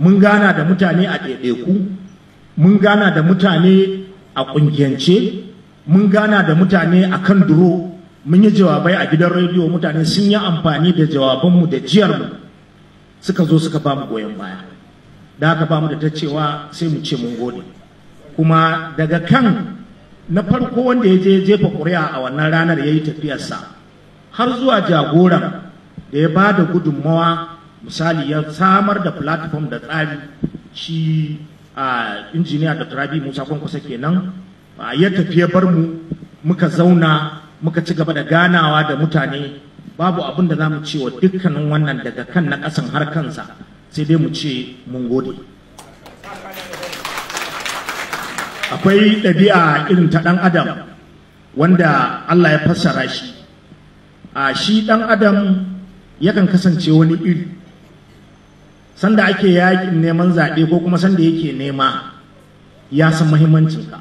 mun gana da mutane a ɗaiɗaiku mun gana da mutane a ƙungiyance mun gana da mutane a kan duro mun yi jawabai a gidan rediyo mutane sun yi amfani da jawabanmu da jiyarmu suka zo suka ba mu goyon baya da aka ba mu da ta cewa sai mu ce mun gode kuma daga kan na farko wanda ya je jefa ƙuri'a a wannan ranar ya yi tafiyarsa har zuwa jagoran da ya ba da gudunmawa misali ya samar da platform da tsari shi a injiniya da turabi musa kwankwasa kenan ya tafiya bar mu muka zauna muka ci gaba da ganawa da mutane babu abin da za mu ce wa dukkanin wannan daga kan na ƙasan har kansa sai dai mu ce mun gode akwai ɗabi'a irin ta ɗan adam wanda Allah ya fassara shi a shi ɗan adam yakan kasance wani iri sanda ake yakin neman zaɓe ko kuma sanda yake nema ya san muhimmancinka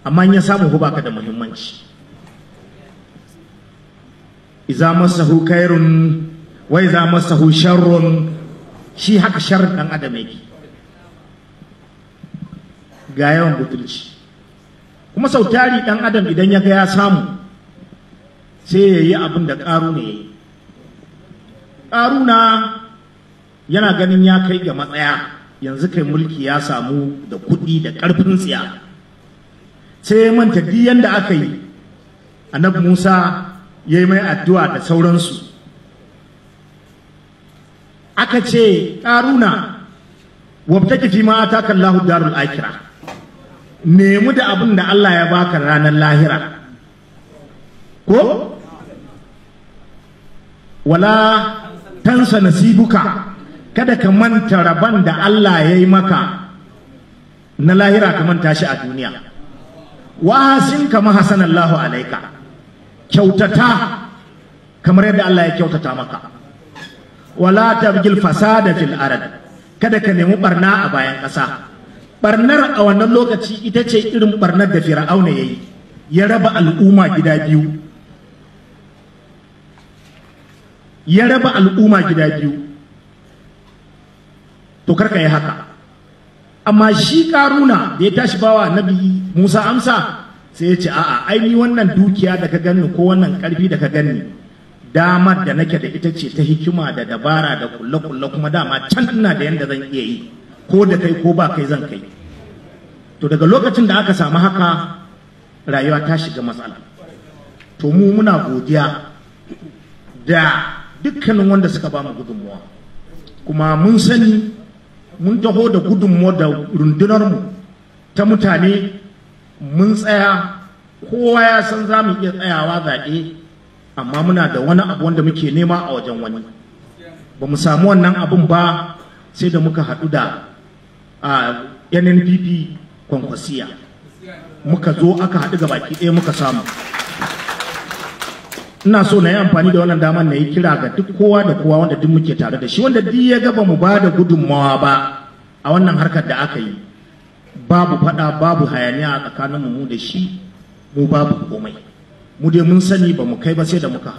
amma in ya samu ku baka da muhimmanci iza masahu kairun wa iza masahu sharrun shi haka shar dan adam yake ga yawan butulci kuma sautari ɗan adam idan ya ga ya samu sai ya yi abin da ƙaru ne ya yi ƙaru na yana ganin ya kai ga matsaya yanzu kai mulki ya samu da kuɗi da ƙarfin tsiya sai ya manta duk da aka yi annabi Musa ya yi mai addu'a da sauransu aka ce ƙaruna wabtaki fi ma ta Allahu darul Akira. nemi da abin da Allah ya baka ranar lahira ko wala tansa nasibuka kada ka manta rabon da Allah ya yi maka na lahira ka manta shi a duniya wahasin kama hasan Allah alaika kyautata kamar yadda Allah ya kyautata maka wala tabgil fasada fil arad kada ka nemi barna a bayan ƙasa barnar a wannan lokaci ita ce irin barnar da fir'auna ya yi ya raba al'umma gida biyu ya raba al'umma gida biyu to ka yi haka amma shi karuna da ya tashi bawa annabi musa amsa sai ya ce a'a aini wannan dukiya da ka ganni ko wannan karfi da ka ganni damar da nake da ita ce ta hikima da dabara da kulle kulle kuma dama can ina da yanda zan iya yi ko da kai ko ba kai zan kai to daga lokacin da aka samu haka rayuwa ta shiga matsala to mu muna godiya da dukkanin wanda suka ba mu gudunmuwa kuma mun sani mun taho da gudunmu da rundunarmu ta mutane mun tsaya kowa ya san za mu iya tsayawa zaɓe amma muna da wani abu wanda muke nema a wajen wani ba mu samu wannan abin ba sai da muka haɗu da nnpp kwankwasiya muka zo aka haɗu ga baki ɗaya muka samu ina so na yi amfani da wannan damar na yi kira ga duk kowa da kowa wanda duk muke tare da shi wanda duk ya gaba mu ba da gudunmawa ba a wannan harkar da aka yi babu faɗa babu hayaniya a tsakanin mu da shi mu babu komai mu dai mun sani ba mu kai ba sai da muka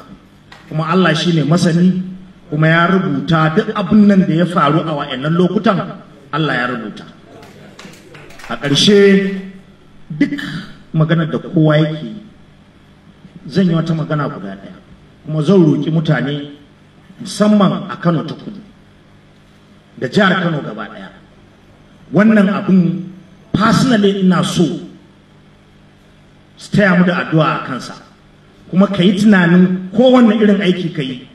kuma Allah shi ne masani kuma ya rubuta duk abin nan da ya faru a wa'annan lokutan Allah ya rubuta a ƙarshe duk maganar da kowa yake yi zan yi wata magana guda ɗaya kuma zan roƙi mutane musamman a Kano ta kudu da jihar Kano gaba ɗaya wannan abin personally ina so su taya mu da addu'a a kansa kuma ka yi tunanin kowane irin aiki ka yi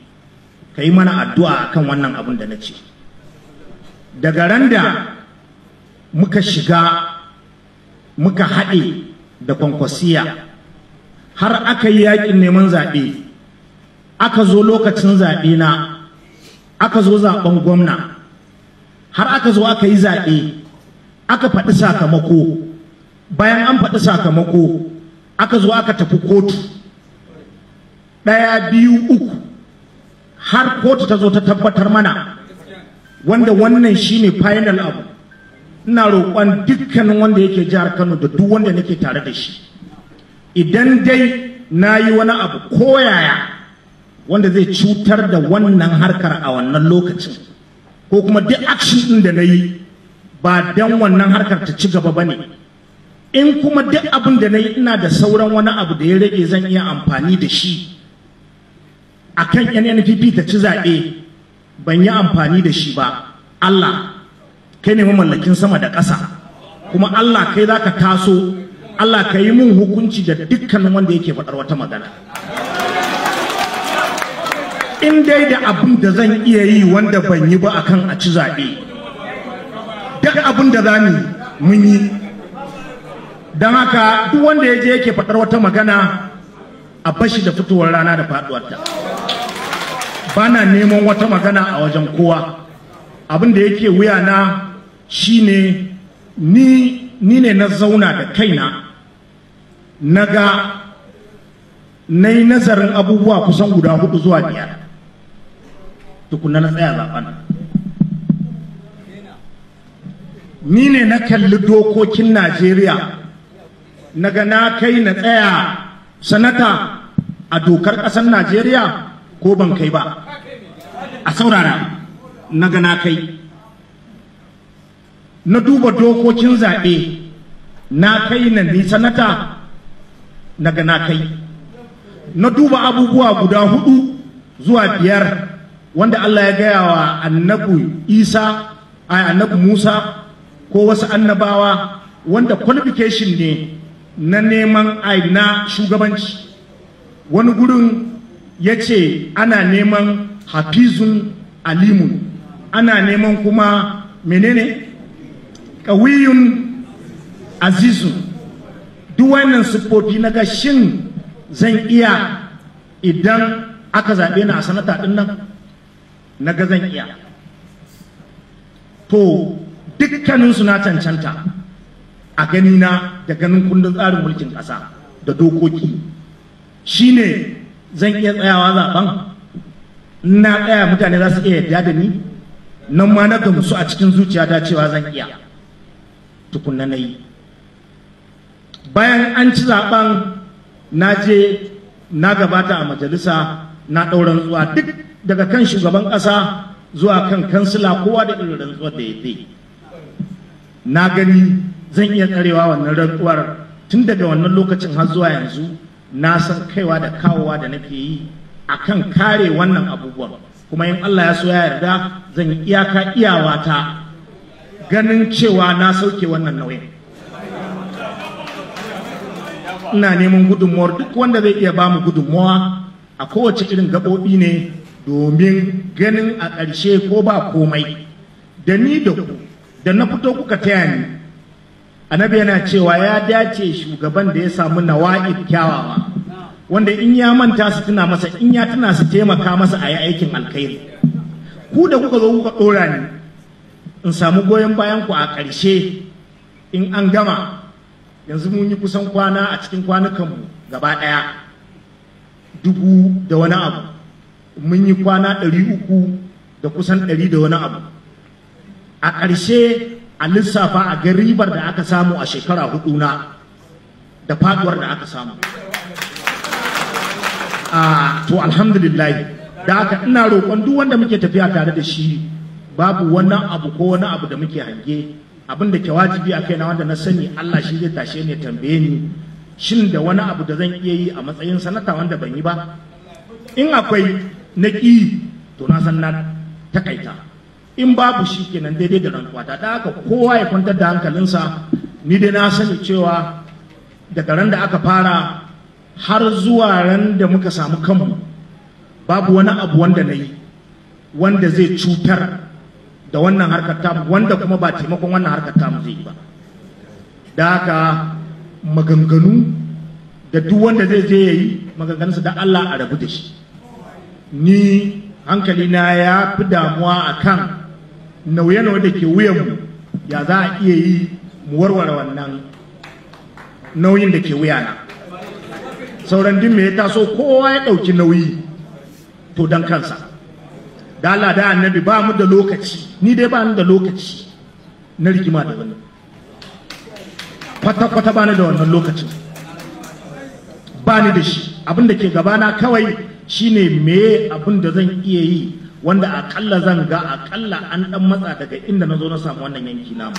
ka yi mana addu'a a kan wannan abin da na ce daga ran da muka shiga muka haɗe da kwankwasiya har aka yi yaƙin neman zaɓe aka zo lokacin zaɓe na aka zo zaɓen gwamna har aka zo aka yi zaɓe aka faɗi sakamako bayan an faɗi sakamako aka zo aka tafi kotu ɗaya biyu uku har kotu ta zo ta tabbatar mana wanda wannan shine final abu ina roƙon dukkanin wanda yake jihar kano da duk wanda nake tare da shi idan dai na yi wani abu koyaya wanda zai cutar da wannan harkar a wannan lokacin ko kuma duk action ɗin da na yi ba don wannan harkar ta ci gaba ba ne in kuma duk abin da na yi ina da sauran wani abu da ya rage zan iya amfani da shi a kan nnpp ta ci zaɓe ban yi amfani da shi ba allah kai ne mamallakin sama da ƙasa kuma allah kai za ka taso Allah ka yi min hukunci da dukkanin wanda yake faɗar wata magana in dai da abin da zan iya yi wanda ban yi ba akan a ci zaɓe duk abin da za ni mun yi don haka duk wanda ya je yake faɗar wata magana a bashi da fitowar rana da faɗuwarta ba na neman wata magana a wajen kowa abin da yake wuya na shine ni ni ne na zauna da kaina na ga na yi nazarin abubuwa kusan guda hudu zuwa biyar tukuna na tsaya zaben ni ne na kalli dokokin najeriya na ga na kai na tsaya sanata a dokar ƙasar najeriya ko ban kai ba a saurara na na kai na duba dokokin zaɓe na kai na ni sanata na gana kai na duba abubuwa guda hudu zuwa biyar wanda Allah ya gaya wa annabu Isa a annabu Musa ko wasu annabawa wanda qualification ne na neman aina shugabanci wani gurin ya ce ana neman hafizun alimun ana neman kuma menene ƙawiyun azizun duk wannan siffofi na ga shin zan iya idan aka zaɓe ni a sanata ɗin nan na ga zan iya to dukkaninsu na cancanta a ganina da ganin kundin tsarin mulkin ƙasa da dokoki shine zan iya tsayawa zaɓen na tsaya mutane za su iya yadda da ni nan ma na gamsu a cikin zuciyata cewa zan iya tukunna na yi bayan an ci zaben na je na gabata a majalisa na ɗauran zuwa duk daga kan shugaban ƙasa zuwa kan kansila kowa da irin rantsuwar da ya ce na gani zan iya tsarewa wannan rantsuwar tun daga wannan lokacin har zuwa yanzu na san kaiwa da kawowa da nake yi a kan kare wannan abubuwan kuma in Allah ya so ya yarda zan iyaka iyawata ganin cewa na sauke wannan nauyin ina neman gudunmuwar duk wanda zai iya bamu gudunmuwa a kowace irin gaɓoɓi ne domin ganin a ƙarshe ko ba komai da ni da ku da na fito kuka taya ni annabi yana cewa ya dace shugaban da ya samu nawa'i kyawawa wanda in ya manta su tuna masa in ya tuna su taimaka masa a yi aikin alkhairi ku da kuka zo kuka ɗora ni in samu goyon bayan ku a ƙarshe in an gama yanzu mun yi kusan kwana a cikin kwanukanmu gaba ɗaya dubu da wani abu mun yi kwana ɗari uku da kusan ɗari da wani abu a ƙarshe a lissafa a ga ribar da aka samu a shekara hudu na da faduwar da aka samu a to alhamdulillah da aka ina roƙon duk wanda muke tafiya tare da shi babu wannan abu ko wani abu da muke hange abin da ke wajibi a kai na wanda na sani Allah shi zai tashe ne tambaye ni shin da wani abu da zan iya yi a matsayin sanata wanda ban yi ba in akwai na ƙi to na san na takaita in babu shi kenan daidai da rantsuwata da haka kowa ya kwantar da hankalinsa ni dai na sani cewa daga ran da aka fara har zuwa ran da muka samu kanmu babu wani abu wanda na yi wanda zai cutar da wannan harkar tamu wanda kuma ba taimakon wannan harkar tamu zai yi ba da haka maganganu da duk wanda zai je yayi maganganunsa da Allah a rabu da shi ni hankali na ya fi damuwa kan nauye-nauye da ke wuyan mu ya za a iya yi mu warware wannan nauyin da ke wuya na sauran din me ya taso kowa ya ɗauki nauyi to don kansa da Allah da annabi ba mu da lokaci ni dai ba ni da lokaci na rigima da wannan kwata-kwata ba ni da wannan lokacin ba ni da shi abin da ke gabana kawai shine me abin da zan iya yi wanda akalla zan ga akalla an dan matsa daga inda na zo na samu wannan yanki namu